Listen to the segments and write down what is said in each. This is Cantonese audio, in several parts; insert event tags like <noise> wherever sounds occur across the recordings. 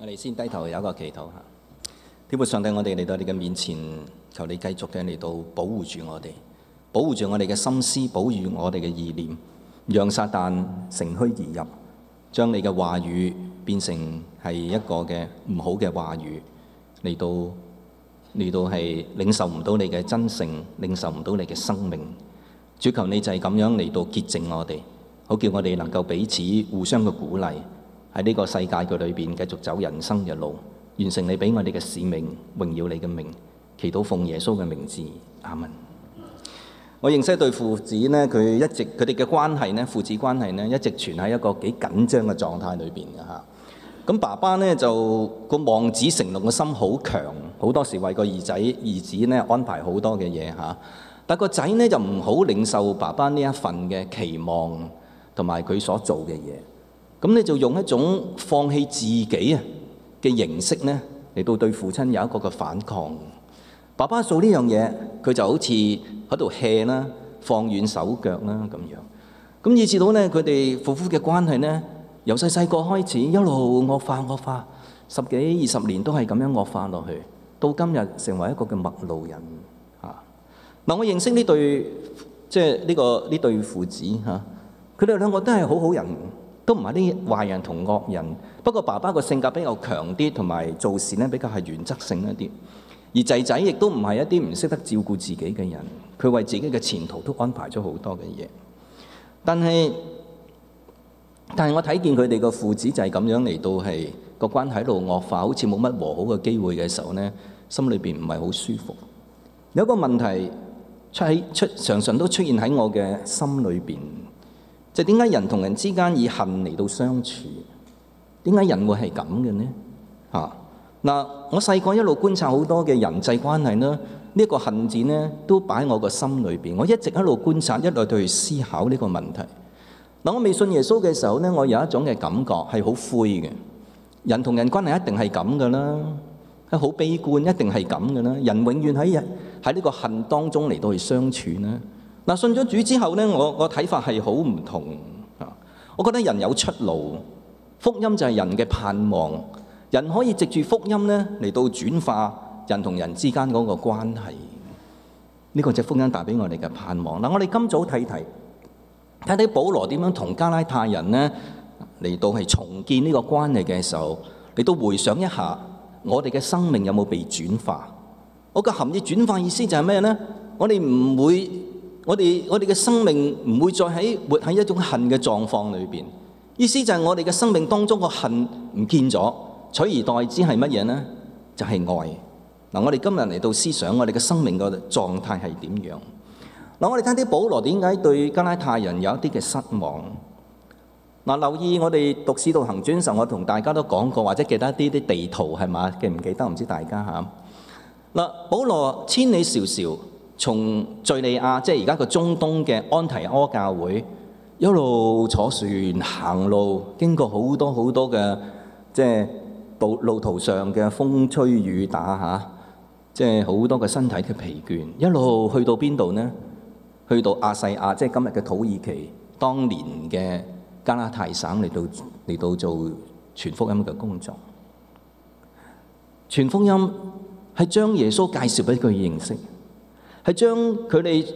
我哋先低頭有一個祈禱吓，天父上帝，我哋嚟到你嘅面前，求你繼續嘅嚟到保護住我哋，保護住我哋嘅心思，保護我哋嘅意念，讓撒旦乘虛而入，將你嘅話語變成係一個嘅唔好嘅話語，嚟到嚟到係領受唔到你嘅真誠，領受唔到你嘅生命。主求你就係咁樣嚟到潔淨我哋，好叫我哋能夠彼此互相嘅鼓勵。喺呢個世界嘅裏邊，繼續走人生嘅路，完成你俾我哋嘅使命，榮耀你嘅名，祈禱奉耶穌嘅名字，阿門。嗯、我認識一對父子呢，佢一直佢哋嘅關係呢，父子關係呢，一直存喺一個幾緊張嘅狀態裏邊嘅嚇。咁爸爸呢，就個望子成龍嘅心好強，好多時為個兒仔兒子咧安排好多嘅嘢嚇。但個仔呢，就唔好領受爸爸呢一份嘅期望同埋佢所做嘅嘢。咁你就用一種放棄自己啊嘅形式呢，嚟到對父親有一個嘅反抗。爸爸做呢樣嘢，佢就好似喺度 hea 啦，放軟手腳啦咁樣。咁以至到呢，佢哋父子嘅關係呢，由細細個開始一路惡化惡化，十幾二十年都係咁樣惡化落去，到今日成為一個嘅陌路人啊。嗱，我認識呢對即係呢個呢對父子嚇，啊，佢哋兩個都係好好人。都唔係啲壞人同惡人，不過爸爸個性格比較強啲，同埋做事呢比較係原則性一啲。而仔仔亦都唔係一啲唔識得照顧自己嘅人，佢為自己嘅前途都安排咗好多嘅嘢。但係，但係我睇見佢哋個父子就係咁樣嚟到係個關係喺度惡化，好似冇乜和好嘅機會嘅時候呢，心裏邊唔係好舒服。有個問題出喺出常常都出現喺我嘅心裏邊。點解人同人之間以恨嚟到相處？點解人會係咁嘅呢？啊！嗱，我細個一路觀察好多嘅人際關係呢，呢個恨字呢，都擺喺我個心裏邊。我一直喺度觀察，一路對去思考呢個問題。嗱，我未信耶穌嘅時候呢，我有一種嘅感覺係好灰嘅。人同人關係一定係咁噶啦，係好悲觀，一定係咁噶啦。人永遠喺喺呢個恨當中嚟到去相處呢。信咗主之後呢，我我睇法係好唔同啊！我覺得人有出路，福音就係人嘅盼望，人可以藉住福音呢嚟到轉化人同人之間嗰個關係。呢個就係福音帶俾我哋嘅盼望。嗱，我哋今早睇睇睇睇，看看保羅點樣同加拉太人呢嚟到係重建呢個關係嘅時候，你都回想一下，我哋嘅生命有冇被轉化？我嘅含義轉化意思就係咩呢？我哋唔會。我哋我哋嘅生命唔會再喺活喺一種恨嘅狀況裏邊，意思就係我哋嘅生命當中個恨唔見咗，取而代之係乜嘢呢？就係、是、愛。嗱，我哋今日嚟到思想我哋嘅生命個狀態係點樣？嗱，我哋睇啲保羅點解對加拉太人有一啲嘅失望。嗱，留意我哋讀使徒行傳嘅時候，我同大家都講過，或者記得一啲啲地圖係嘛？記唔記得？唔知大家吓。嗱，保羅千里迢迢。從敍利亞，即係而家個中東嘅安提阿教會，一路坐船行路，經過好多好多嘅即係路途上嘅風吹雨打嚇，即係好多個身體嘅疲倦，一路去到邊度呢？去到亞細亞，即係今日嘅土耳其，當年嘅加拉太省嚟到嚟到做傳福音嘅工作。傳福音係將耶穌介紹俾佢認識。係將佢哋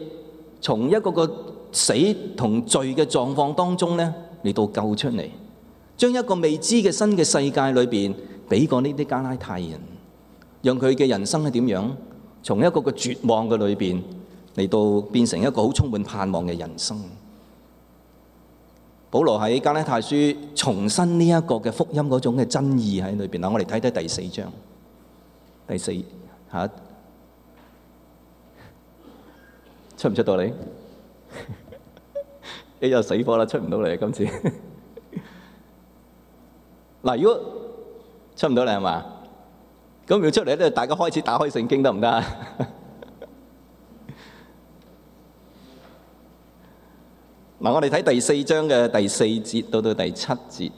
從一個個死同罪嘅狀況當中呢，嚟到救出嚟，將一個未知嘅新嘅世界裏邊俾過呢啲加拉太人，讓佢嘅人生係點樣？從一個個絕望嘅裏邊嚟到變成一個好充滿盼望嘅人生。保羅喺加拉太書重申呢一個嘅福音嗰種嘅真義喺裏邊，嗱，我哋睇睇第四章，第四吓。出唔出到嚟？你又死火啦！出唔到嚟啊！今次嗱，如果出唔到嚟係嘛，咁如果出嚟咧，大家開始打開聖經得唔得啊？嗱，我哋睇第四章嘅第四節到到第七節。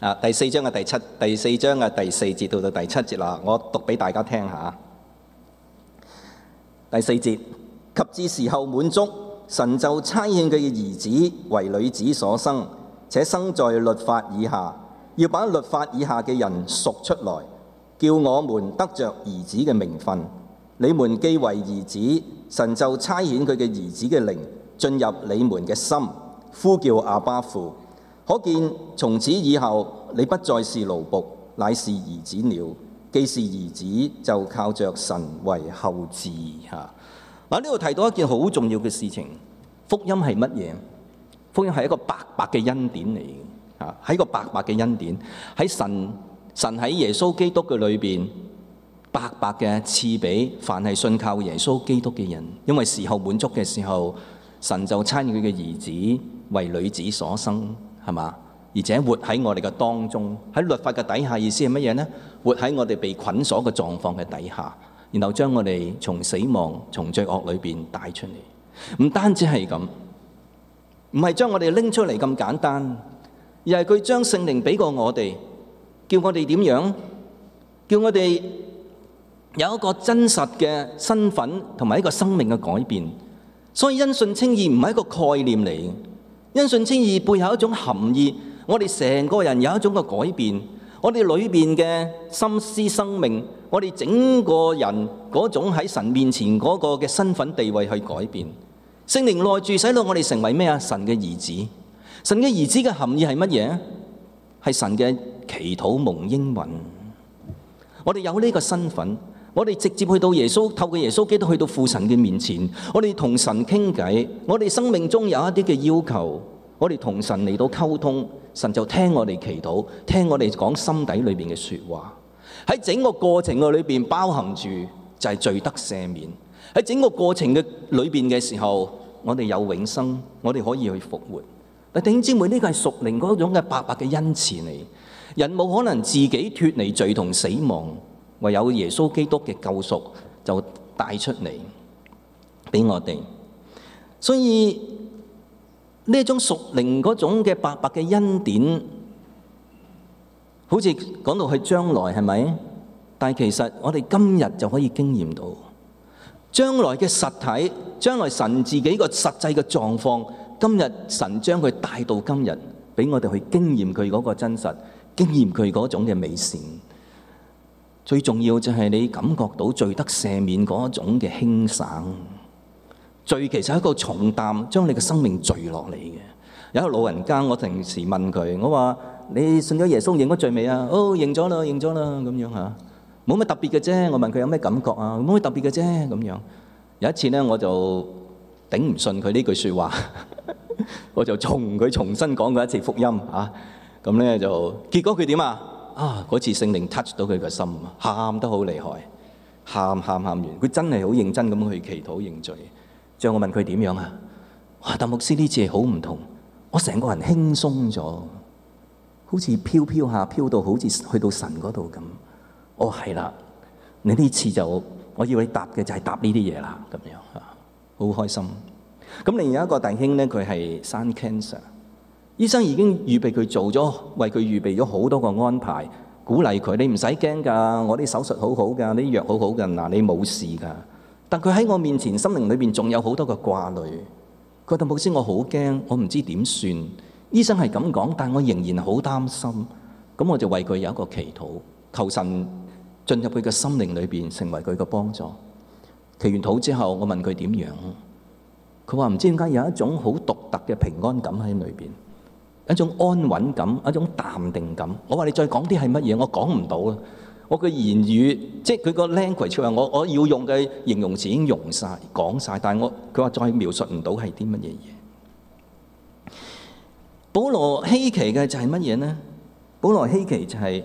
啊！第四章嘅第七，第四章嘅第四節到到第七節啦，我讀俾大家聽下。第四節，及至時候滿足，神就差遣佢嘅兒子，為女子所生，且生在律法以下，要把律法以下嘅人贖出來，叫我們得着兒子嘅名分。你們既為兒子，神就差遣佢嘅兒子嘅靈進入你們嘅心，呼叫阿爸父。可見從此以後，你不再是奴僕，乃是兒子了。既是兒子，就靠着神為後嗣。吓，嗱，呢度提到一件好重要嘅事情，福音係乜嘢？福音係一個白白嘅恩典嚟嘅，吓，係一個白白嘅恩典，喺神神喺耶穌基督嘅裏邊白白嘅賜俾凡係信靠耶穌基督嘅人，因為時候滿足嘅時候，神就差遣佢嘅兒子為女子所生。係嘛？而且活喺我哋嘅當中，喺律法嘅底下，意思係乜嘢呢？活喺我哋被捆鎖嘅狀況嘅底下，然後將我哋從死亡、從罪惡裏邊帶出嚟。唔單止係咁，唔係將我哋拎出嚟咁簡單，而係佢將聖靈俾過我哋，叫我哋點樣？叫我哋有一個真實嘅身份同埋一個生命嘅改變。所以因信稱義唔係一個概念嚟。因信稱義背後一種含義，我哋成個人有一種嘅改變，我哋裏邊嘅心思生命，我哋整個人嗰種喺神面前嗰個嘅身份地位去改變。聖靈內住使到我哋成為咩啊？神嘅兒子。神嘅兒子嘅含義係乜嘢？係神嘅祈禱蒙應允。我哋有呢個身份。我哋直接去到耶穌，透過耶穌基督去到父神嘅面前，我哋同神傾偈，我哋生命中有一啲嘅要求，我哋同神嚟到溝通，神就聽我哋祈禱，聽我哋講心底裏邊嘅説話。喺整個過程嘅裏邊，包含住就係罪得赦免。喺整個過程嘅裏邊嘅時候，我哋有永生，我哋可以去復活。但弟兄姊妹，呢個係屬靈嗰種嘅白白嘅恩慈賜嚟，人冇可能自己脱離罪同死亡。唯有耶穌基督嘅救贖就帶出嚟俾我哋，所以呢種屬靈嗰種嘅白白嘅恩典，好似講到去將來係咪？但係其實我哋今日就可以經驗到將來嘅實體，將來神自己個實際嘅狀況，今日神將佢帶到今日，俾我哋去經驗佢嗰個真實，經驗佢嗰種嘅美善。最重要就係你感覺到罪得赦免嗰一種嘅輕省，罪其實係一個重擔，將你嘅生命墜落嚟嘅。有一個老人家，我平時問佢，我話：你信咗耶穌，認咗罪未啊？哦，認咗啦，認咗啦，咁樣嚇，冇乜特別嘅啫。我問佢有咩感覺啊？冇乜特別嘅啫，咁樣。有一次呢，我就頂唔順佢呢句説話，我就從佢重新講過一次福音啊。咁呢就結果佢點啊？啊！嗰次聖靈 touch 到佢個心，喊得好厲害，喊喊喊完，佢真係好認真咁去祈禱認罪。最後我問佢點樣啊？哇！但牧師呢次係好唔同，我成個人輕鬆咗，好似飄飄下，飄到好似去到神嗰度咁。哦，話係啦，你呢次就，我以為你答嘅就係答呢啲嘢啦，咁樣啊，好開心。咁另外一個弟兄咧，佢係生 cancer。醫生已經預備佢做咗，為佢預備咗好多個安排，鼓勵佢。你唔使驚㗎，我啲手術好好㗎，你藥好好㗎，嗱你冇事㗎。但佢喺我面前，心靈裏邊仲有好多個掛慮。佢話：導牧師，我好驚，我唔知點算。醫生係咁講，但我仍然好擔心。咁我就為佢有一個祈禱，求神進入佢嘅心靈裏邊，成為佢嘅幫助。祈完禱之後，我問佢點樣，佢話唔知點解有一種好獨特嘅平安感喺裏邊。一種安穩感，一種淡定感。我話你再講啲係乜嘢，我講唔到啦。我嘅言語，即係佢個 language 話，我我要用嘅形容詞已經用晒、講晒，但係我佢話再描述唔到係啲乜嘢嘢。保羅稀奇嘅就係乜嘢呢？保羅稀奇就係、是、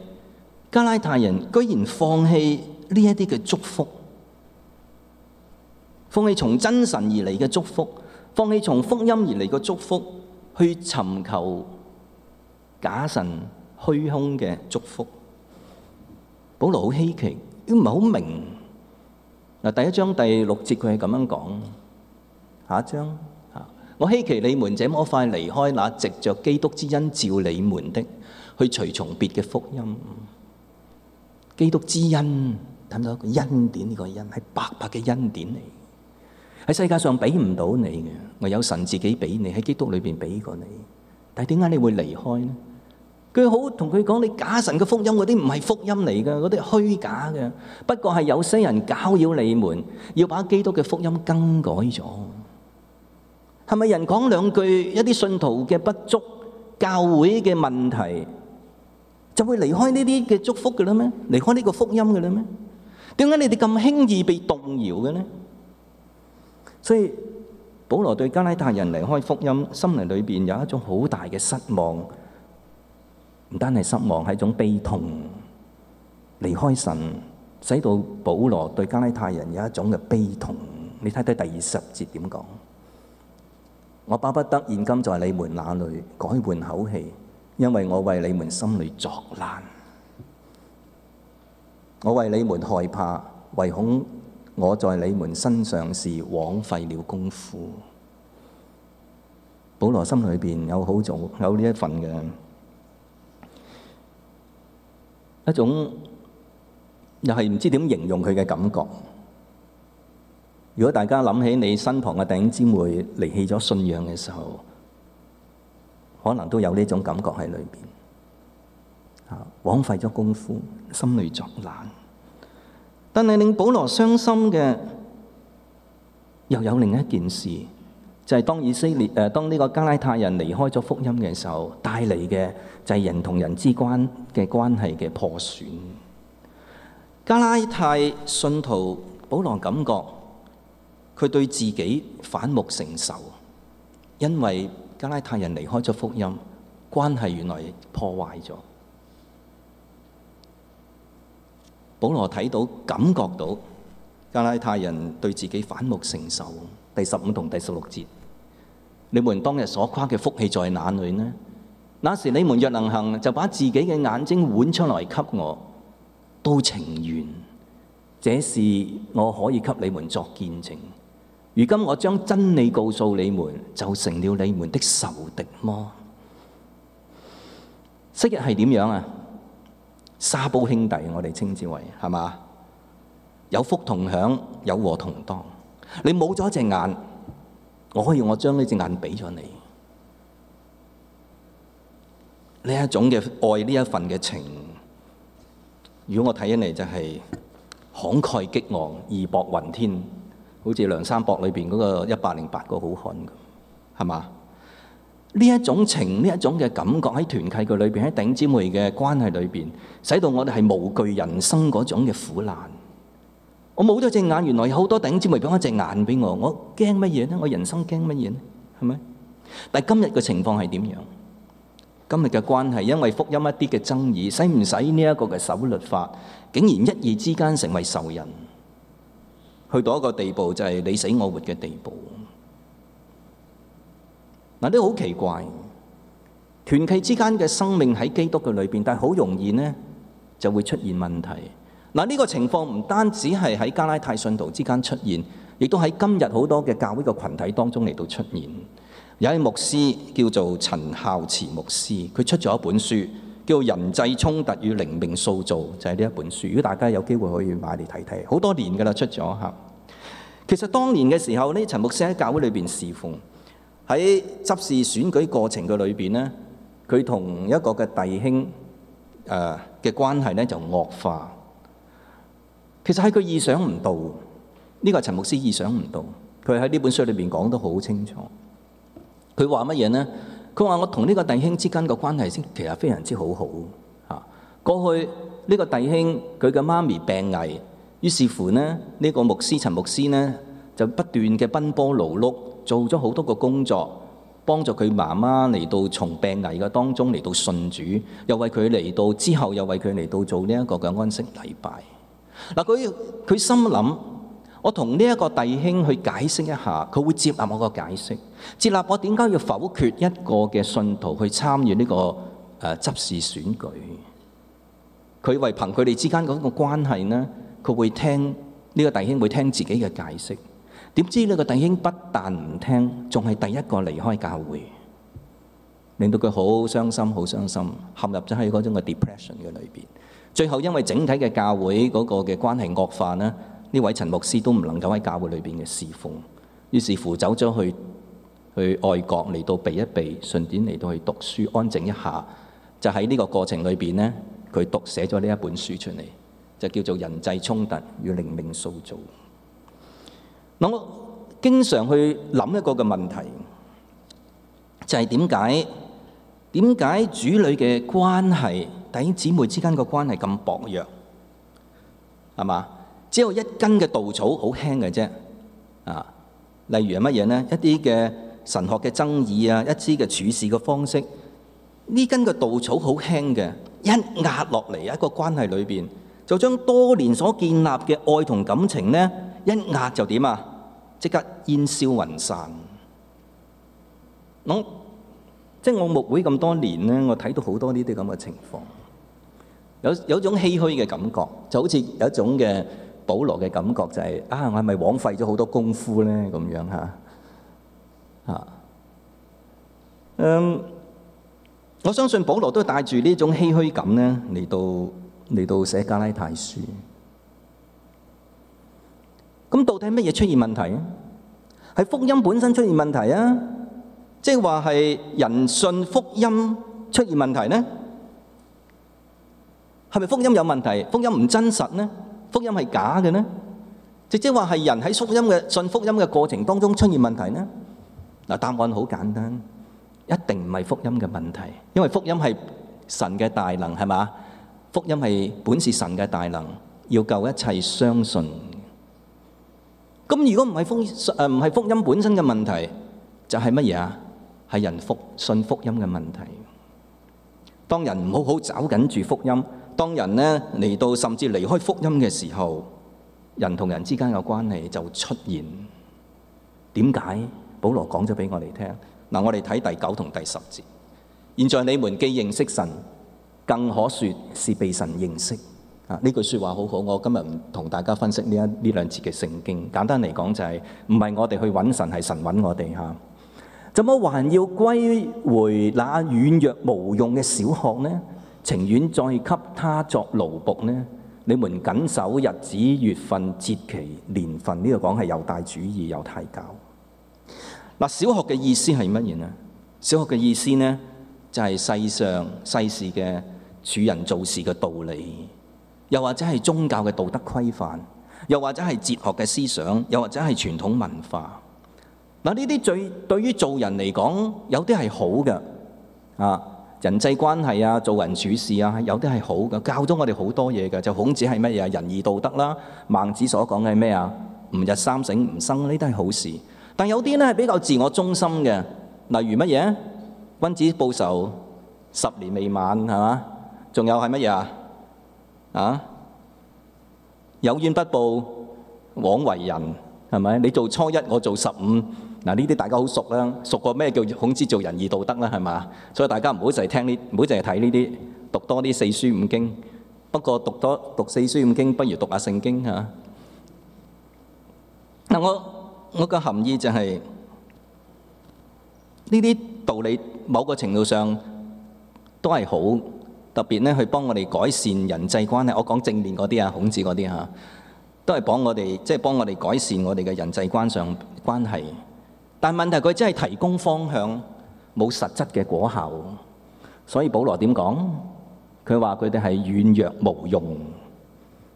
加拉太人居然放棄呢一啲嘅祝福，放棄從真神而嚟嘅祝福，放棄從福音而嚟嘅祝福，去尋求假神虛空嘅祝福，保羅好稀奇，都唔係好明。嗱，第一章第六節佢係咁樣講，下一章啊，我稀奇你們這麼快離開那藉着基督之恩召你們的，去隨從別嘅福音。基督之恩，睇唔到一個恩典呢，這個恩，係白白嘅恩典嚟，喺世界上俾唔到你嘅，唯有神自己俾你喺基督裏邊俾過你。但係點解你會離開呢？佢好同佢講，你假神嘅福音嗰啲唔係福音嚟噶，嗰啲係虛假嘅。不過係有些人搞擾你們，要把基督嘅福音更改咗。係咪人講兩句一啲信徒嘅不足、教會嘅問題，就會離開呢啲嘅祝福嘅啦咩？離開呢個福音嘅啦咩？點解你哋咁輕易被動搖嘅呢？所以。保羅對加拉太人離開福音，心靈裏邊有一種好大嘅失望，唔單係失望，係一種悲痛。離開神，使到保羅對加拉太人有一種嘅悲痛。你睇睇第二十節點講？ <noise> 我巴不得現今在你們那裏改換口氣，因為我為你們心裏作難，我為你們害怕，唯恐。我在你們身上是枉費了功夫。保羅心裏邊有好重，有呢一份嘅一種，又係唔知點形容佢嘅感覺。如果大家諗起你身旁嘅啲姊妹，離棄咗信仰嘅時候，可能都有呢種感覺喺裏邊。枉費咗功夫，心裏作難。但係令保羅傷心嘅，又有另一件事，就係、是、當以色列誒、呃，當呢個加拉太人離開咗福音嘅時候，帶嚟嘅就係人同人之間嘅關係嘅破損。加拉太信徒保羅感覺佢對自己反目成仇，因為加拉太人離開咗福音，關係原來破壞咗。保羅睇到，感覺到加拉太人對自己反目成仇。第十五同第十六節，你們當日所誇嘅福氣在哪裏呢？那時你們若能行，就把自己嘅眼睛剜出來給我，都情願。這是我可以給你們作見證。如今我將真理告訴你們，就成了你們的仇敵麼？昔日係點樣啊？沙煲兄弟，我哋稱之為係嘛？有福同享，有禍同當。你冇咗一隻眼，我可以我將呢隻眼俾咗你。呢一種嘅愛，呢一份嘅情，如果我睇起嚟就係慷慨激昂，義薄雲天，好似梁山泊裏邊嗰個一百零八個好漢咁，係嘛？呢一種情，呢一種嘅感覺喺團契嘅裏邊，喺弟兄姊妹嘅關係裏邊，使到我哋係無懼人生嗰種嘅苦難。我冇咗隻眼，原來有好多弟兄姊妹俾一隻眼俾我。我驚乜嘢呢？我人生驚乜嘢呢？係咪？但係今日嘅情況係點樣？今日嘅關係，因為福音一啲嘅爭議，使唔使呢一個嘅守律法，竟然一夜之間成為仇人，去到一個地步就係你死我活嘅地步。嗱，啲好奇怪，團契之間嘅生命喺基督嘅裏邊，但係好容易呢就會出現問題。嗱，呢個情況唔單止係喺加拉太信徒之間出現，亦都喺今日好多嘅教會嘅群體當中嚟到出現。有位牧師叫做陳孝慈牧師，佢出咗一本書，叫《人際衝突與靈命塑造》，就係呢一本書。如果大家有機會可以買嚟睇睇，好多年噶啦出咗嚇。其實當年嘅時候，呢陳牧師喺教會裏邊侍奉。喺執事選舉過程嘅裏邊呢，佢同一個嘅弟兄誒嘅、呃、關係呢就惡化。其實喺佢意想唔到，呢個陳牧師意想唔到。佢喺呢本書裏面講得好清楚。佢話乜嘢呢？佢話我同呢個弟兄之間嘅關係先其實非常之好好嚇。過去呢個弟兄佢嘅媽咪病危，於是乎咧，呢個牧師陳牧師呢就不斷嘅奔波勞碌。做咗好多個工作，幫助佢媽媽嚟到從病危嘅當中嚟到信主，又為佢嚟到之後又為佢嚟到做呢一個嘅安息禮拜。嗱、啊，佢佢心諗，我同呢一個弟兄去解釋一下，佢會接納我個解釋，接納我點解要否決一個嘅信徒去參與呢個誒、呃、執事選舉。佢為憑佢哋之間嗰個關係呢，佢會聽呢個弟兄會聽自己嘅解釋。點知呢個弟兄不但唔聽，仲係第一個離開教會，令到佢好傷心，好傷心，陷入咗喺嗰種嘅 depression 嘅裏邊。最後因為整體嘅教會嗰個嘅關係惡化咧，呢位陳牧師都唔能夠喺教會裏邊嘅事奉，於是乎走咗去去外國嚟到避一避，順便嚟到去讀書安靜一下。就喺呢個過程裏邊咧，佢讀寫咗呢一本書出嚟，就叫做《人際衝突與靈命塑造》。嗱，我經常去諗一個嘅問題，就係點解點解主女嘅關係，弟兄姊妹之間個關係咁薄弱，係嘛？只有一根嘅稻草，好輕嘅啫。啊，例如係乜嘢咧？一啲嘅神學嘅爭議啊，一支嘅處事嘅方式，呢根嘅稻草好輕嘅，一壓落嚟，一個關係裏邊，就將多年所建立嘅愛同感情咧。一壓就點啊！即刻煙消雲散。我即係我牧會咁多年咧，我睇到好多呢啲咁嘅情況，有有種唏噓嘅感覺，就好似有一種嘅保羅嘅感覺，就係啊，我係咪枉費咗好多功夫咧？咁樣吓吓，嗯，我相信保羅都帶住呢種唏噓感咧嚟到嚟到寫加拉太書。咁到底乜嘢出現問題？係福音本身出現問題啊，即係話係人信福音出現問題呢？係咪福音有問題？福音唔真實呢？福音係假嘅呢？直接話係人喺福音嘅信福音嘅過程當中出現問題呢？嗱，答案好簡單，一定唔係福音嘅問題，因為福音係神嘅大能係嘛，福音係本是神嘅大能，要救一切相信。咁如果唔係福音，本身嘅問題，就係乜嘢啊？係人信福音嘅問題。當人唔好好抓緊住福音，當人呢嚟到甚至離開福音嘅時候，人同人之間嘅關係就出現。點解？保羅講咗俾我哋聽。嗱，我哋睇第九同第十節。現在你們既認識神，更可說是被神認識。啊！呢句説話，好好，我今日同大家分析呢一呢兩節嘅聖經。簡單嚟講就係、是，唔係我哋去揾神，係神揾我哋嚇、啊。怎麼還要歸回那軟弱無用嘅小學呢？情願再給他作奴僕呢？你們謹守日子、月份、節期、年份，呢、這個講係猶太主義猶太教。嗱、啊，小學嘅意思係乜嘢呢？小學嘅意思呢，就係、是、世上世事嘅處人做事嘅道理。又或者係宗教嘅道德規範，又或者係哲學嘅思想，又或者係傳統文化。嗱，呢啲最對於做人嚟講，有啲係好嘅啊，人際關係啊，做人處事啊，有啲係好嘅，教咗我哋好多嘢嘅。就孔子係乜嘢啊？仁義道德啦，孟子所講嘅咩啊？吾日三省吾身，呢啲係好事。但有啲呢係比較自我中心嘅，例如乜嘢？君子報仇，十年未晚，係嘛？仲有係乜嘢啊？啊！有怨不報枉為人，係咪？你做初一，我做十五，嗱，呢啲大家好熟啦，熟過咩叫孔子做仁義道德啦，係嘛？所以大家唔好淨係聽呢，唔好淨係睇呢啲，讀多啲四書五經。不過讀多讀四書五經，不如讀下聖經嚇。嗱、啊啊，我我個含義就係呢啲道理，某個程度上都係好。特別咧，去幫我哋改善人際關係。我講正面嗰啲啊，孔子嗰啲吓，都係幫我哋，即係幫我哋改善我哋嘅人際關上關係。但係問題佢真係提供方向，冇實質嘅果效。所以保羅點講？佢話佢哋係軟弱無用，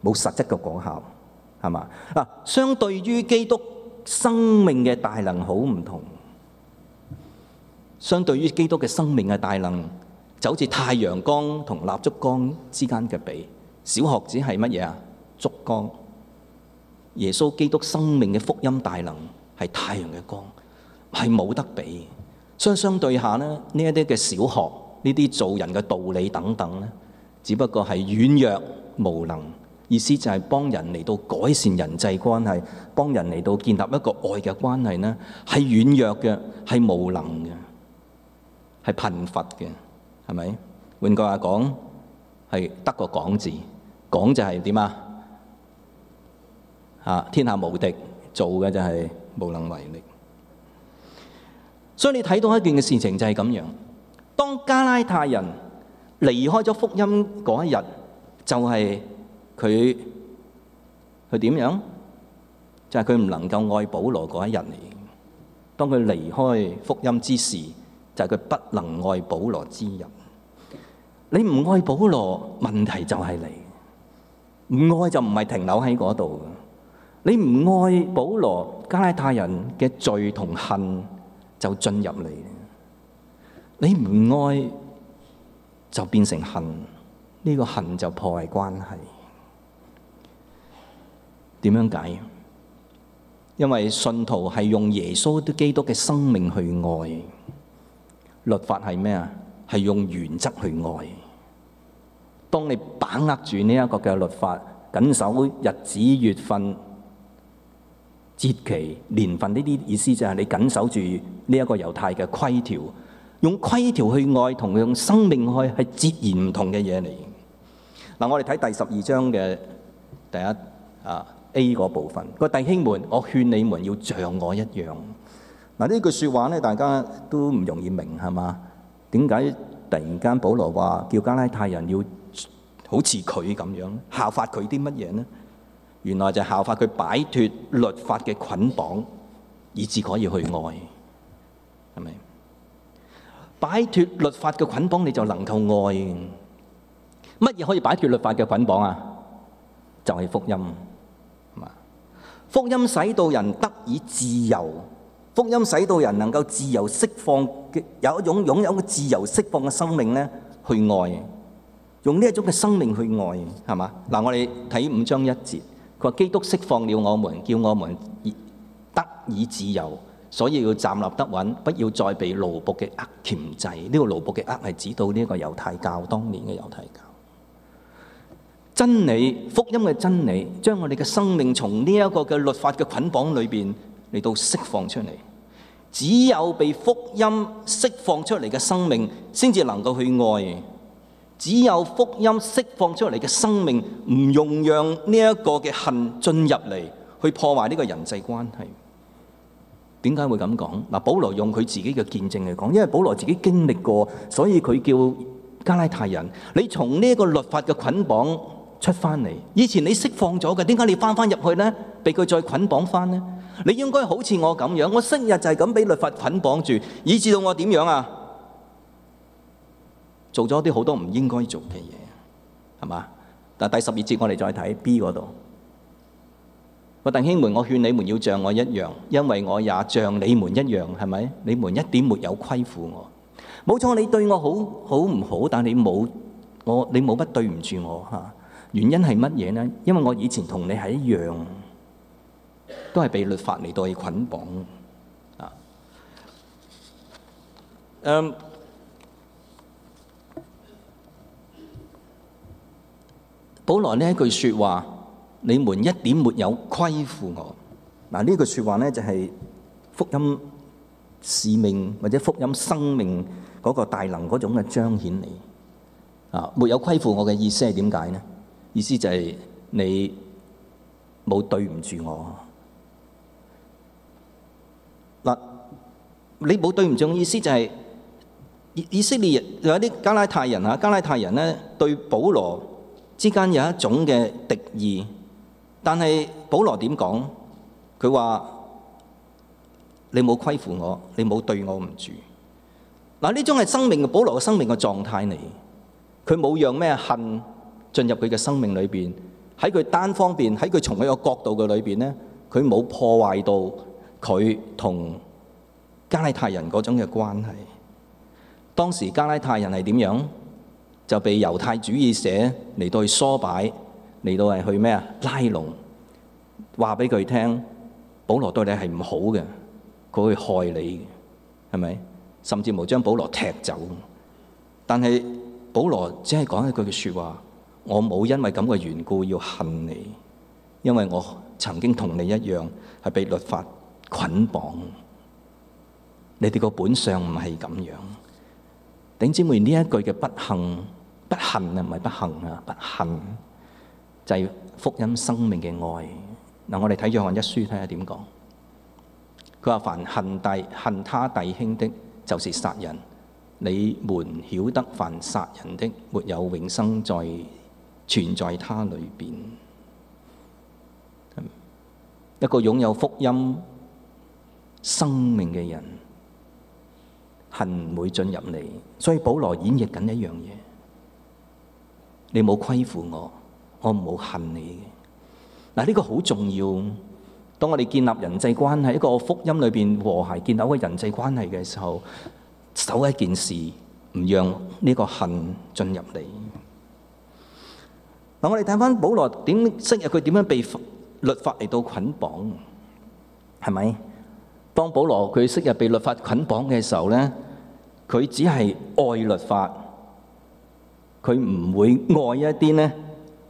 冇實質嘅果效，係嘛？嗱、啊，相對於基督生命嘅大能好唔同。相對於基督嘅生命嘅大能。就好似太陽光同蠟燭光之間嘅比，小學只係乜嘢啊？燭光，耶穌基督生命嘅福音大能係太陽嘅光，係冇得比。所以相對下呢，呢一啲嘅小學，呢啲做人嘅道理等等咧，只不過係軟弱無能，意思就係幫人嚟到改善人際關係，幫人嚟到建立一個愛嘅關係，呢係軟弱嘅，係無能嘅，係貧乏嘅。係咪？換句話講，係得個講字，講就係點啊？啊！天下無敵，做嘅就係無能為力。所以你睇到一件嘅事情就係咁樣。當加拉太人離開咗福音嗰一日，就係佢佢點樣？就係佢唔能夠愛保羅嗰一日嚟。當佢離開福音之時，就係佢不能愛保羅之日。你唔愛保羅，問題就係你唔愛就唔係停留喺嗰度。你唔愛保羅，加拉太人嘅罪同恨就進入你。你唔愛就變成恨，呢、這個恨就破壞關係。點樣解？因為信徒係用耶穌啲基督嘅生命去愛。律法係咩啊？係用原則去愛。當你把握住呢一個嘅律法，緊守日子、月份、節期、年份呢啲意思，就係你緊守住呢一個猶太嘅規條，用規條去愛，同用生命去愛係截然唔同嘅嘢嚟。嗱、啊，我哋睇第十二章嘅第一啊 A 嗰部分，各弟兄們，我勸你們要像我一樣。嗱、啊，呢句説話呢，大家都唔容易明係嘛？點解突然間保羅話叫加拉太人要好似佢咁樣，效法佢啲乜嘢呢？原來就效法佢擺脫律法嘅捆綁，以至可以去愛，係咪？擺脫律法嘅捆綁，你就能夠愛。乜嘢可以擺脫律法嘅捆綁啊？就係、是、福音，係嘛？福音使到人得以自由。福音使到人能夠自由釋放，有一種擁有個自由釋放嘅生命呢，去愛，用呢一種嘅生命去愛，係嘛？嗱，我哋睇五章一節，佢話，基督釋放了我們，叫我們得以自由，所以要站立得穩，不要再被奴僕嘅軛鉗制。呢、這個奴僕嘅軛係指到呢個猶太教當年嘅猶太教。真理，福音嘅真理，將我哋嘅生命從呢一個嘅律法嘅捆綁裏邊嚟到釋放出嚟。只有被福音釋放出嚟嘅生命，先至能夠去愛。只有福音釋放出嚟嘅生命，唔用讓呢一個嘅恨進入嚟，去破壞呢個人際關係。點解會咁講？嗱，保羅用佢自己嘅見證嚟講，因為保羅自己經歷過，所以佢叫加拉太人：你從呢一個律法嘅捆綁出翻嚟，以前你釋放咗嘅，點解你翻翻入去呢？被佢再捆綁翻呢？你應該好似我咁樣，我昔日就係咁俾律法捆綁住，以致到我點樣啊？做咗啲好多唔應該做嘅嘢，係嘛？但係第十二節我哋再睇 B 嗰度。我弟兄們，我勸你們要像我一樣，因為我也像你們一樣，係咪？你們一點沒有虧負我，冇錯。你對我好好唔好？但你冇我，你冇乜對唔住我吓。原因係乜嘢呢？因為我以前同你係一樣。都係被律法嚟到去捆綁啊。嗯，保羅呢一句說話，你們一點沒有虧負我。嗱，呢句說話呢，就係福音使命或者福音生命嗰個大能嗰種嘅彰顯嚟啊。沒有虧負我嘅意思係點解呢？意思就係你冇對唔住我。你冇對唔住意思就係、是、以以色列有一啲加拉太人啊，加拉太人咧對保羅之間有一種嘅敵意，但係保羅點講？佢話你冇虧負我，你冇對我唔住。嗱，呢種係生命嘅保羅嘅生命嘅狀態嚟，佢冇讓咩恨進入佢嘅生命裏邊。喺佢單方面，喺佢從一個角度嘅裏邊咧，佢冇破壞到佢同加拉太人嗰種嘅關係，當時加拉太人係點樣？就被猶太主義者嚟到去唆擺，嚟到係去咩啊？拉攏話俾佢聽，保羅對你係唔好嘅，佢會害你，係咪？甚至乎將保羅踢走。但係保羅只係講一句嘅説話：我冇因為咁嘅緣故要恨你，因為我曾經同你一樣係被律法捆綁。你哋個本相唔係咁樣，頂姊妹呢一句嘅不恨，不恨啊，唔係不恨啊，不恨就係福音生命嘅愛。嗱，我哋睇約翰一書睇下點講。佢話凡恨弟恨他弟兄的，就是殺人。你們曉得凡殺人的，沒有永生在存在他裏邊。一個擁有福音生命嘅人。恨唔會進入你，所以保羅演繹緊一樣嘢，你冇虧負我，我唔好恨你嘅。嗱，呢個好重要，當我哋建立人際關係，一個福音裏邊和諧建立一個人際關係嘅時候，首一件事，唔讓呢個恨進入你。嗱，我哋睇翻保羅昔日佢點樣被律法嚟到捆綁，係咪？當保羅佢昔日被律法捆綁嘅時候呢，佢只係愛律法，佢唔會愛一啲呢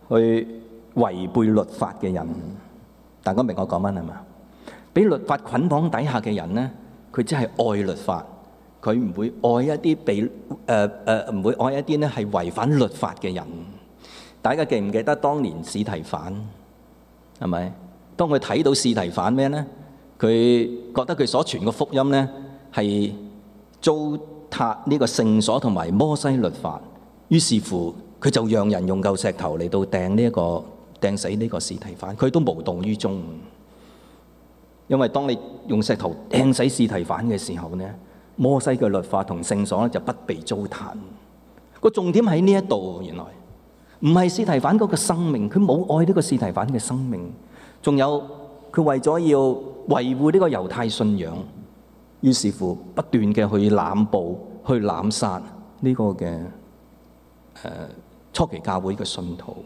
去違背律法嘅人。大家明我講乜係嘛？俾律法捆綁底下嘅人呢，佢只係愛律法，佢唔會愛一啲被誒誒唔會愛一啲咧係違反律法嘅人。大家記唔記得當年司提反係咪？吧當佢睇到司提反咩呢？佢覺得佢所傳嘅福音呢係糟蹋呢個聖所同埋摩西律法，於是乎佢就讓人用嚿石頭嚟到掟呢一個掟死呢個司提反，佢都無動於衷。因為當你用石頭掟死司提反嘅時候呢，摩西嘅律法同聖所呢就不被糟蹋。個重點喺呢一度原來唔係司提反嗰個生命，佢冇愛呢個司提反嘅生命，仲有佢為咗要，維護呢個猶太信仰，於是乎不斷嘅去濫捕、去濫殺呢個嘅誒、呃、初期教會嘅信徒。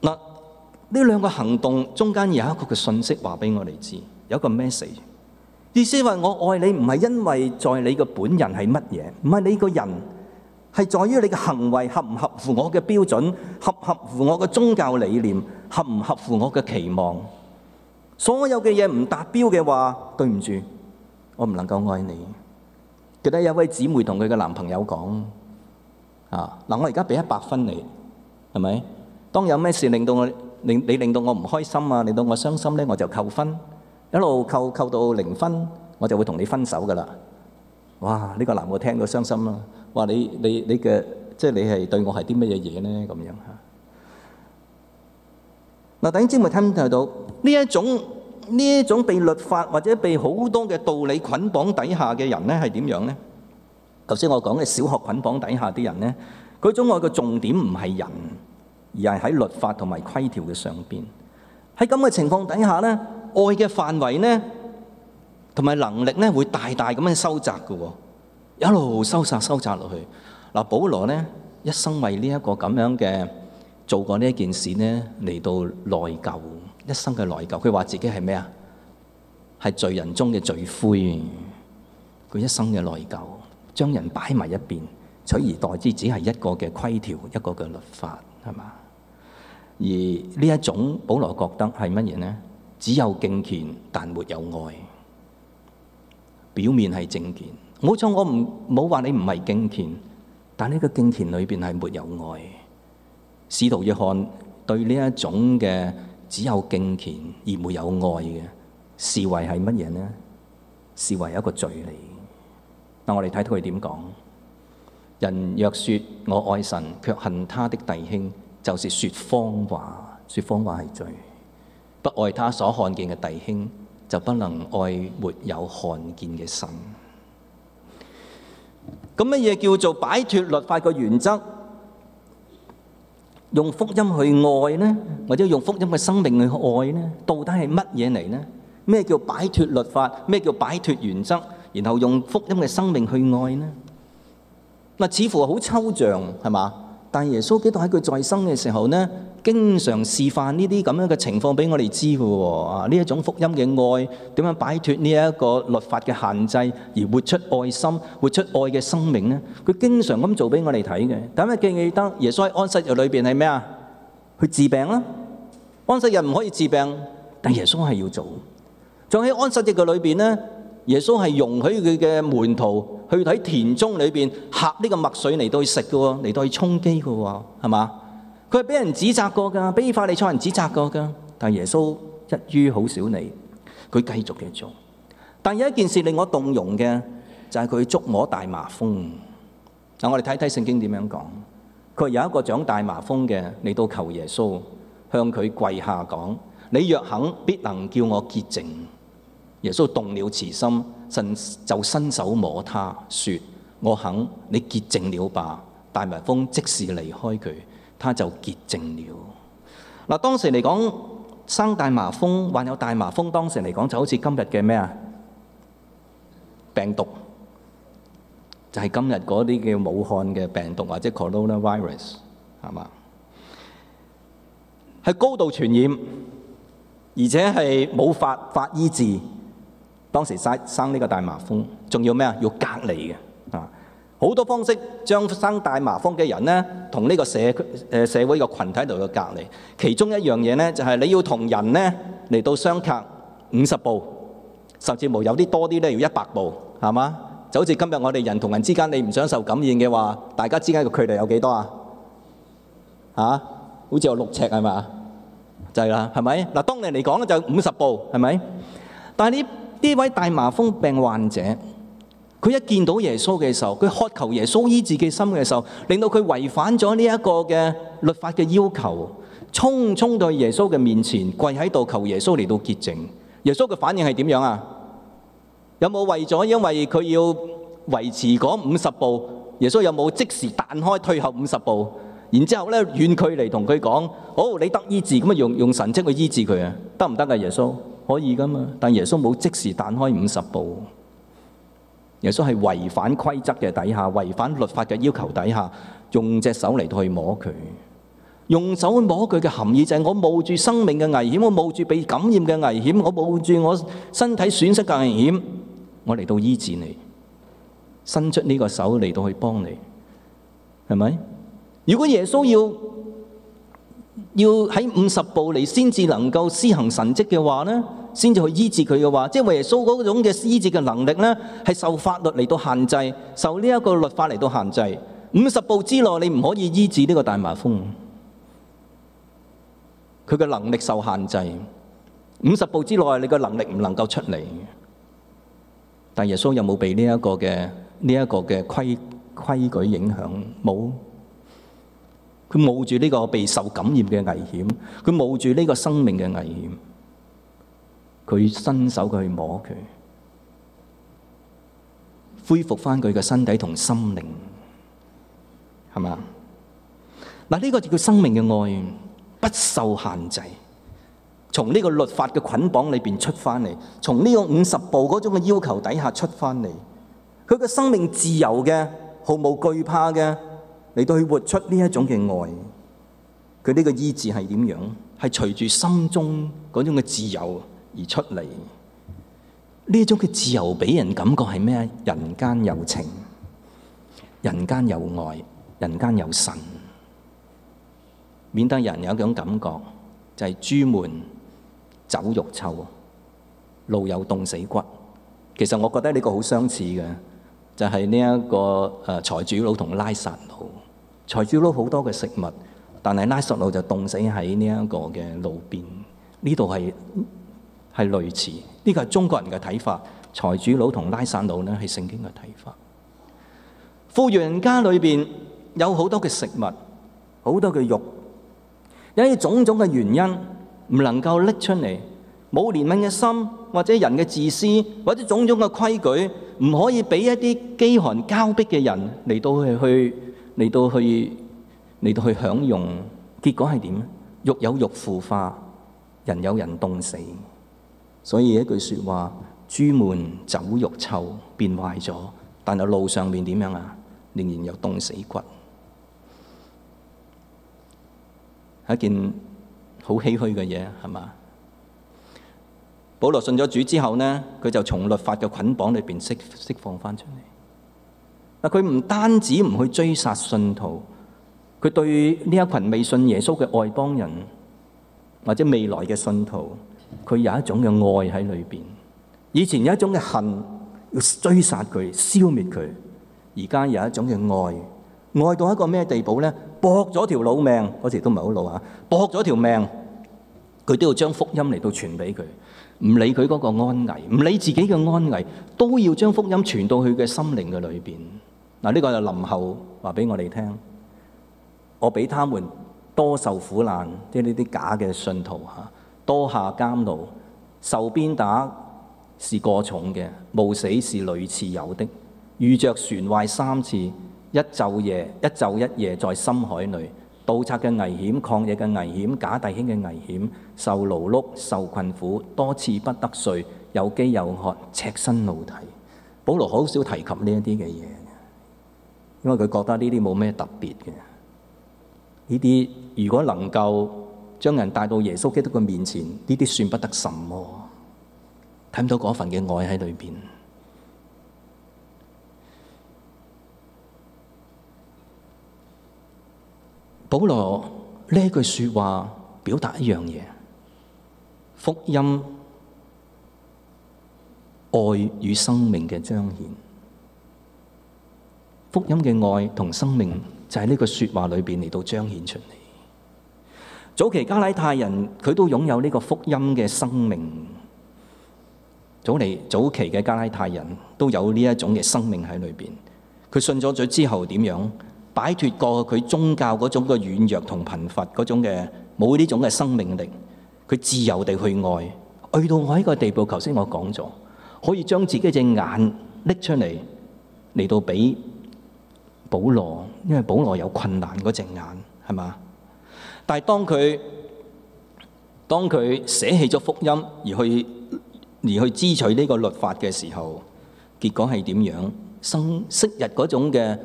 嗱，呢兩個行動中間有一個嘅信息話俾我哋知，有一個 message，意思話我愛你唔係因為在你嘅本人係乜嘢，唔係你個人係在於你嘅行為合唔合乎我嘅標準，合合乎我嘅宗教理念，合唔合乎我嘅期望。所有嘅嘢唔達標嘅話，對唔住，我唔能夠愛你。記得有位姊妹同佢嘅男朋友講：啊，嗱，我而家俾一百分你，係咪？當有咩事令到我，令你，你令到我唔開心啊，令到我傷心呢，我就扣分，一路扣扣到零分，我就會同你分手噶啦。哇！呢、這個男嘅聽到傷心啦，話你你你嘅，即、就、係、是、你係對我係啲乜嘢嘢呢？咁樣吓。嗱，等姊妹聽到呢一種呢一種被律法或者被好多嘅道理捆綁底下嘅人咧，係點樣咧？頭先我講嘅小學捆綁底下啲人咧，嗰種愛嘅重點唔係人，而係喺律法同埋規條嘅上邊。喺咁嘅情況底下咧，愛嘅範圍咧，同埋能力咧，會大大咁樣收窄㗎喎，一路收窄收窄落去。嗱，保羅咧一生為呢一個咁樣嘅。做過呢件事呢，嚟到內疚，一生嘅內疚。佢話自己係咩啊？係罪人中嘅罪魁。佢一生嘅內疚，將人擺埋一邊，取而代之只係一個嘅規條，一個嘅律法，係嘛？而呢一種，保羅覺得係乜嘢呢？只有敬虔，但沒有愛。表面係敬虔，冇錯，我唔冇話你唔係敬虔，但呢個敬虔裏邊係沒有愛。使徒約翰對呢一種嘅只有敬虔而沒有愛嘅，視為係乜嘢呢？視為一個罪嚟。嗱，我哋睇到佢點講：人若說我愛神，卻恨他的弟兄，就是說謊話，說謊話係罪。不愛他所看見嘅弟兄，就不能愛沒有看見嘅神。咁乜嘢叫做擺脱律法嘅原則？用福音去愛呢，或者用福音嘅生命去愛呢？到底係乜嘢嚟呢？咩叫擺脱律法？咩叫擺脱原則？然後用福音嘅生命去愛呢？嗱，似乎好抽象，係嘛？但係耶穌基督喺佢在生嘅時候呢？經常示範呢啲咁樣嘅情況俾我哋知嘅喎，啊，呢一種福音嘅愛點樣擺脱呢一個律法嘅限制，而活出愛心、活出愛嘅生命咧？佢經常咁做俾我哋睇嘅。大家記唔記得耶穌喺安息日裏邊係咩啊？去治病啦！安息日唔可以治病，但耶穌係要做。仲喺安息日嘅裏邊咧，耶穌係容許佢嘅門徒去喺田中裏邊汲呢個麥穗嚟到去食嘅喎，嚟到去充飢嘅喎，係嘛？佢係俾人指責過噶，俾法利賽人指責過噶。但耶穌一於好少你，佢繼續嘅做。但有一件事令我動容嘅，就係、是、佢捉摸大麻風嗱。我哋睇睇聖經點樣講。佢有一個長大麻風嘅嚟到求耶穌，向佢跪下講：你若肯，必能叫我潔淨。耶穌動了慈心，伸就伸手摸他，說，我肯，你潔淨了吧。大麻風即時離開佢。他就結症了。嗱，當時嚟講生大麻風，患有大麻風，當時嚟講就好似今日嘅咩啊？病毒就係今日嗰啲叫武漢嘅病毒或者 coronavirus 係嘛？係高度傳染，而且係冇法法醫治。當時生生呢個大麻風，仲要咩啊？要隔離嘅。好多方式將生大麻風嘅人呢，同呢個社區社會個群體度嘅隔離。其中一樣嘢呢，就係、是、你要同人呢嚟到相隔五十步甚至乎，有啲多啲咧要一百步，係嘛？就好似今日我哋人同人之間，你唔想受感染嘅話，大家之間嘅距離有幾多啊？嚇、啊，好似有六尺係嘛？就係、是、啦，係咪？嗱，當你嚟講呢，就五十步，係咪？但係呢呢位大麻風病患者。佢一見到耶穌嘅時候，佢渴求耶穌醫治自己心嘅時候，令到佢違反咗呢一個嘅律法嘅要求，衝衝到耶穌嘅面前跪喺度求耶穌嚟到潔淨。耶穌嘅反應係點樣啊？有冇為咗因為佢要維持嗰五十步？耶穌有冇即時彈開退後五十步？然之後呢遠距離同佢講：好，你得醫治，咁啊用用神蹟去醫治佢啊？得唔得啊耶穌？可以㗎嘛？但耶穌冇即時彈開五十步。耶穌係違反規則嘅底下，違反律法嘅要求底下，用隻手嚟到去摸佢，用手去摸佢嘅含義就係我冒住生命嘅危險，我冒住被感染嘅危險，我冒住我身體損失嘅危險，我嚟到醫治你，伸出呢個手嚟到去幫你，係咪？如果耶穌要……要喺五十步嚟先至能夠施行神蹟嘅話呢，先至去醫治佢嘅話，即係耶穌嗰種嘅醫治嘅能力呢，係受法律嚟到限制，受呢一個律法嚟到限制。五十步之內你唔可以醫治呢個大麻風，佢嘅能力受限制。五十步之內你個能力唔能夠出嚟。但耶穌有冇被呢一個嘅呢一個嘅規規矩影響？冇。佢冒住呢個被受感染嘅危險，佢冒住呢個生命嘅危險，佢伸手佢去摸佢，恢復翻佢嘅身體同心靈，係嘛？嗱，呢個就叫生命嘅愛，不受限制，從呢個律法嘅捆綁裏邊出翻嚟，從呢個五十步嗰種嘅要求底下出翻嚟，佢嘅生命自由嘅，毫無懼怕嘅。嚟到去活出呢一種嘅愛，佢呢個意志係點樣？係隨住心中嗰種嘅自由而出嚟。呢一種嘅自由俾人感覺係咩啊？人間有情，人間有愛，人間有神，免得人有一種感覺就係、是、朱門酒肉臭，路有凍死骨。其實我覺得呢個好相似嘅，就係呢一個誒財主佬同拉撒路。財主佬好多嘅食物，但係拉撒路就凍死喺呢一個嘅路邊。呢度係係類似呢個係中國人嘅睇法。財主佬同拉撒佬呢係聖經嘅睇法。富裕人家裏邊有好多嘅食物，好多嘅肉，有啲種種嘅原因唔能夠拎出嚟，冇憐憫嘅心，或者人嘅自私，或者種種嘅規矩，唔可以俾一啲飢寒交迫嘅人嚟到去去。嚟到去嚟到去享用，結果係點咧？肉有肉腐化，人有人凍死。所以一句説話：朱門酒肉臭，變壞咗。但係路上面點樣啊？仍然有凍死骨，係一件好唏噓嘅嘢，係嘛？保羅信咗主之後呢，佢就從律法嘅捆綁裏邊釋釋放翻出嚟。嗱，佢唔單止唔去追殺信徒，佢對呢一群未信耶穌嘅外邦人，或者未來嘅信徒，佢有一種嘅愛喺裏邊。以前有一種嘅恨，要追殺佢、消滅佢；而家有一種嘅愛，愛到一個咩地步呢？搏咗條老命，嗰時都唔係好老啊，搏咗條命，佢都要將福音嚟到傳俾佢，唔理佢嗰個安危，唔理自己嘅安危，都要將福音傳到佢嘅心靈嘅裏邊。嗱，呢個就林後話俾我哋聽，我比他們多受苦難，即係呢啲假嘅信徒吓，多下監牢，受鞭打是過重嘅，冒死是屢次有的。遇着船壞三次，一晝夜一晝一夜在深海裏，盜賊嘅危險，曠野嘅危險，假弟兄嘅危險，受勞碌、受困苦，多次不得睡，有飢有渴，赤身露體。保羅好少提及呢一啲嘅嘢。因為佢覺得呢啲冇咩特別嘅，呢啲如果能夠將人帶到耶穌基督嘅面前，呢啲算不得什麼，睇唔到嗰份嘅愛喺裏邊。保羅呢句說話表達一樣嘢，福音愛與生命嘅彰顯。福音嘅愛同生命就喺呢句說話裏邊嚟到彰顯出嚟。早期加拉太人佢都擁有呢個福音嘅生命。早嚟，早期嘅加拉太人都有呢一種嘅生命喺裏邊。佢信咗咗之後點樣？擺脫過佢宗教嗰種嘅軟弱同貧乏嗰種嘅，冇呢種嘅生命力。佢自由地去愛，去到我呢個地步。頭先我講咗，可以將自己隻眼拎出嚟嚟到俾。保羅，因為保羅有困難嗰隻眼，係嘛？但係當佢當佢捨棄咗福音，而去而去支取呢個律法嘅時候，結果係點樣？生昔日嗰種嘅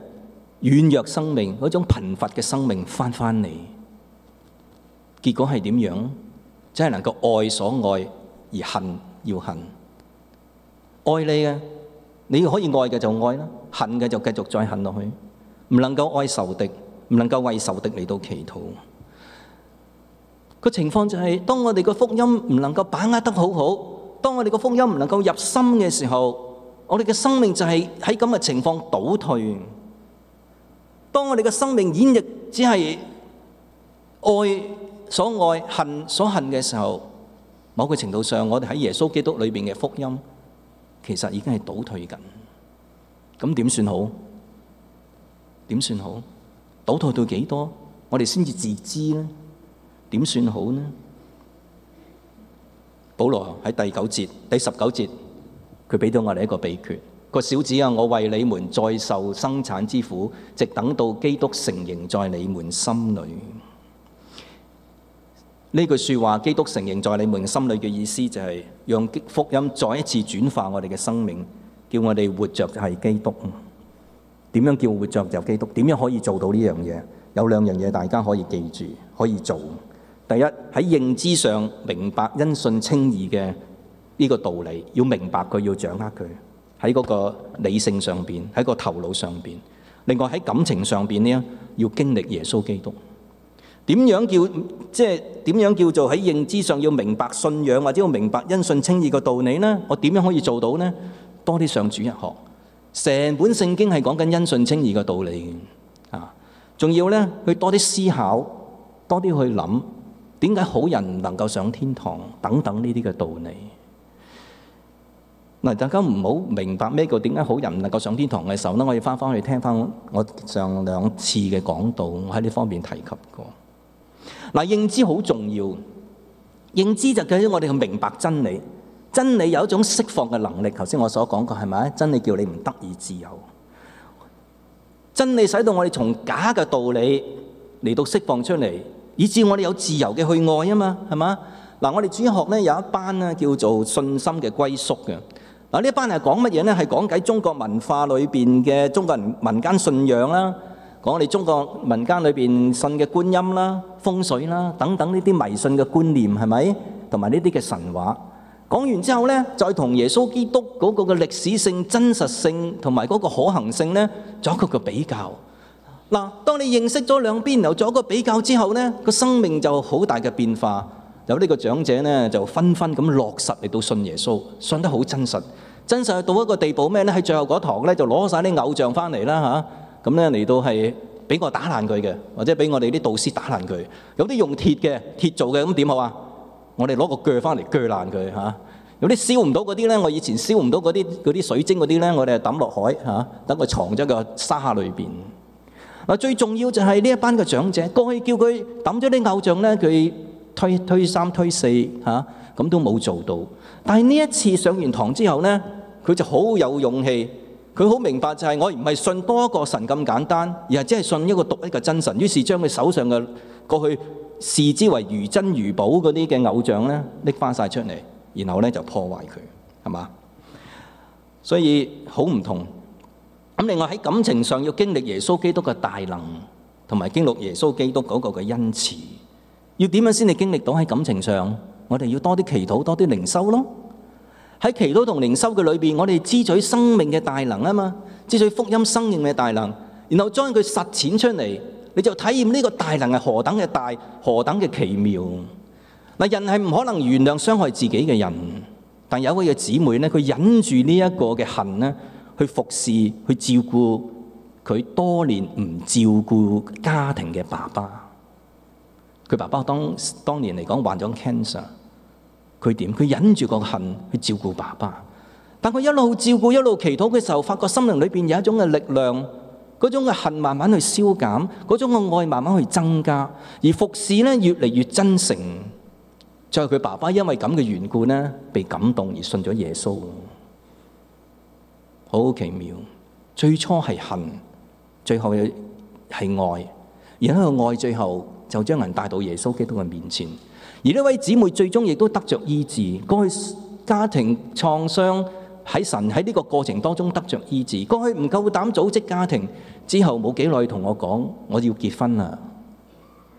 軟弱生命，嗰種貧乏嘅生命翻翻嚟，結果係點樣？即係能夠愛所愛而恨要恨，愛你嘅你可以愛嘅就愛啦，恨嘅就繼續再恨落去。唔能夠愛仇敵，唔能夠為仇敵嚟到祈禱。個情況就係，當我哋個福音唔能夠把握得好好，當我哋個福音唔能夠入心嘅時候，我哋嘅生命就係喺咁嘅情況倒退。當我哋嘅生命演繹只係愛所愛、恨所恨嘅時候，某個程度上，我哋喺耶穌基督裏面嘅福音，其實已經係倒退緊。咁點算好？點算好？倒退到幾多？我哋先至自知呢、啊？點算好呢？保羅喺第九節、第十九節，佢俾到我哋一個秘訣。個小子啊，我為你們再受生產之苦，直等到基督成形在你們心裏。呢句說話，基督成形在你們心裏嘅意思、就是，就係讓福音再一次轉化我哋嘅生命，叫我哋活着係基督。點樣叫活着就基督？點樣可以做到呢樣嘢？有兩樣嘢大家可以記住，可以做。第一，喺認知上明白因信稱義嘅呢個道理，要明白佢，要掌握佢喺嗰個理性上邊，喺個頭腦上邊。另外喺感情上邊呢，要經歷耶穌基督。點樣叫即係點樣叫做喺認知上要明白信仰或者要明白因信稱義嘅道理呢？我點樣可以做到呢？多啲上主日學。成本聖經係講緊因信稱義嘅道理嘅，啊，仲要咧去多啲思考，多啲去諗點解好人唔能夠上天堂等等呢啲嘅道理。嗱，大家唔好明白咩叫點解好人唔能夠上天堂嘅時候，咧我哋翻翻去聽翻我上兩次嘅講道，我喺呢方面提及過。嗱，認知好重要，認知就係我哋去明白真理。真理有一種釋放嘅能力。頭先我所講過係咪？真理叫你唔得以自由，真理使到我哋從假嘅道理嚟到釋放出嚟，以致我哋有自由嘅去愛啊嘛，係嘛？嗱，我哋主學咧有一班咧叫做信心嘅歸宿嘅嗱。呢一班係講乜嘢咧？係講緊中國文化裏邊嘅中國人民間信仰啦，講我哋中國民間裏邊信嘅觀音啦、風水啦等等呢啲迷信嘅觀念係咪？同埋呢啲嘅神話。講完之後呢，再同耶穌基督嗰個嘅歷史性、真實性、同埋嗰個可行性呢，做一個比較。當你認識咗兩邊，又做一個比較之後呢，個生命就好大嘅變化。有呢個長者呢，就紛紛咁落實嚟到信耶穌，信得好真實。真實到一個地步咩呢？喺最後嗰堂呢，就攞晒啲偶像返嚟啦吓，咁呢，嚟到係，俾我打爛佢嘅，或者俾我哋啲導師打爛佢。有啲用鐵嘅，鐵做嘅，咁點好啊？我哋攞個鋸翻嚟鋸爛佢嚇，有啲燒唔到嗰啲呢，我以前燒唔到嗰啲啲水晶嗰啲呢，我哋係抌落海嚇，等、啊、佢藏咗個沙裏邊。嗱、啊，最重要就係呢一班嘅長者，過去叫佢抌咗啲偶像呢，佢推推三推四嚇，咁、啊、都冇做到。但係呢一次上完堂之後呢，佢就好有勇氣，佢好明白就係我唔係信多一個神咁簡單，而係只係信一個獨一個真神。於是將佢手上嘅過去，視之為如珍如寶嗰啲嘅偶像呢，拎翻晒出嚟，然後呢就破壞佢，係嘛？所以好唔同。咁另外喺感情上要經歷耶穌基督嘅大能，同埋經歷耶穌基督嗰個嘅恩賜，要點樣先至經歷到？喺感情上，我哋要多啲祈禱，多啲靈修咯。喺祈禱同靈修嘅裏邊，我哋支取生命嘅大能啊嘛，支取福音生命嘅大能，然後將佢實踐出嚟。你就體驗呢個大能係何等嘅大，何等嘅奇妙。嗱，人係唔可能原諒傷害自己嘅人，但有個嘅姊妹呢，佢忍住呢一個嘅恨呢，去服侍、去照顧佢多年唔照顧家庭嘅爸爸。佢爸爸當當年嚟講患咗 cancer，佢點？佢忍住個恨去照顧爸爸，但佢一路照顧一路祈禱嘅時候，發覺心靈裏邊有一種嘅力量。嗰種嘅恨慢慢去消減，嗰種嘅愛慢慢去增加，而服侍咧越嚟越真誠，就係、是、佢爸爸因為咁嘅緣故咧，被感動而信咗耶穌，好奇妙。最初係恨，最後係愛，而喺個愛最後就將人帶到耶穌基督嘅面前。而呢位姊妹最終亦都得着醫治，該家庭創傷。喺神喺呢個過程當中得着醫治，過去唔夠膽組織家庭，之後冇幾耐同我講，我要結婚啦，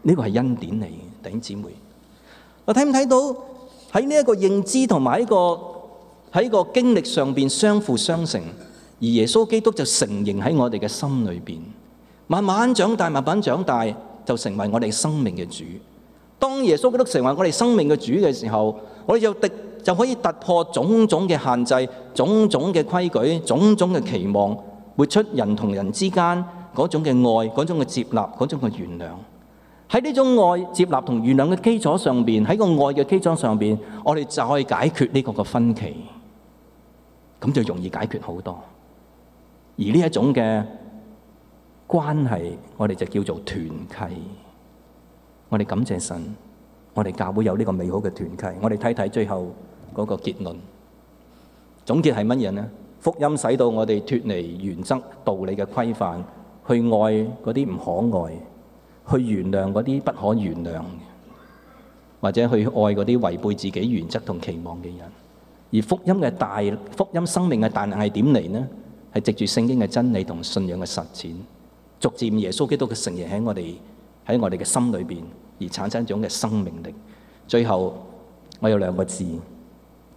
呢個係恩典嚟嘅。弟兄姊妹，我睇唔睇到喺呢一個認知同埋喺個喺個經歷上邊相輔相成，而耶穌基督就成形喺我哋嘅心裏邊，慢慢長大，慢慢長大就成為我哋生命嘅主。當耶穌基督成為我哋生命嘅主嘅時候，我哋就敵。就可以突破種種嘅限制、種種嘅規矩、種種嘅期望，活出人同人之間嗰種嘅愛、嗰種嘅接納、嗰種嘅原諒。喺呢種愛、接納同原諒嘅基礎上邊，喺個愛嘅基礎上邊，我哋就可以解決呢個嘅分歧，咁就容易解決好多。而呢一種嘅關係，我哋就叫做團契。我哋感謝神，我哋教會有呢個美好嘅團契。我哋睇睇最後。嗰個結論總結係乜嘢呢？福音使到我哋脫離原則、道理嘅規範，去愛嗰啲唔可愛，去原諒嗰啲不可原諒嘅，或者去愛嗰啲違背自己原則同期望嘅人。而福音嘅大，福音生命嘅大能係點嚟呢？係藉住聖經嘅真理同信仰嘅實踐，逐漸耶穌基督嘅成形喺我哋喺我哋嘅心裏邊，而產生一種嘅生命力。最後，我有兩個字。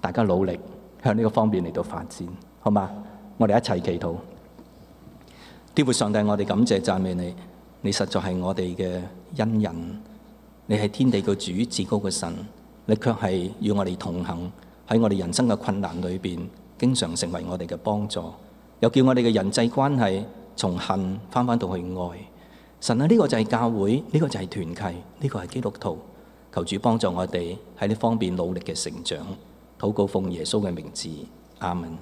大家努力向呢個方面嚟到發展，好嘛？我哋一齊祈禱，天父上帝，我哋感謝讚美你。你實在係我哋嘅恩人，你係天地嘅主，至高嘅神。你卻係與我哋同行，喺我哋人生嘅困難裏邊，經常成為我哋嘅幫助，又叫我哋嘅人際關係從恨返返到去愛。神啊，呢個就係教會，呢個就係團契，呢個係基督徒。求主幫助我哋喺呢方面努力嘅成長。禱告奉耶穌嘅名字，阿門。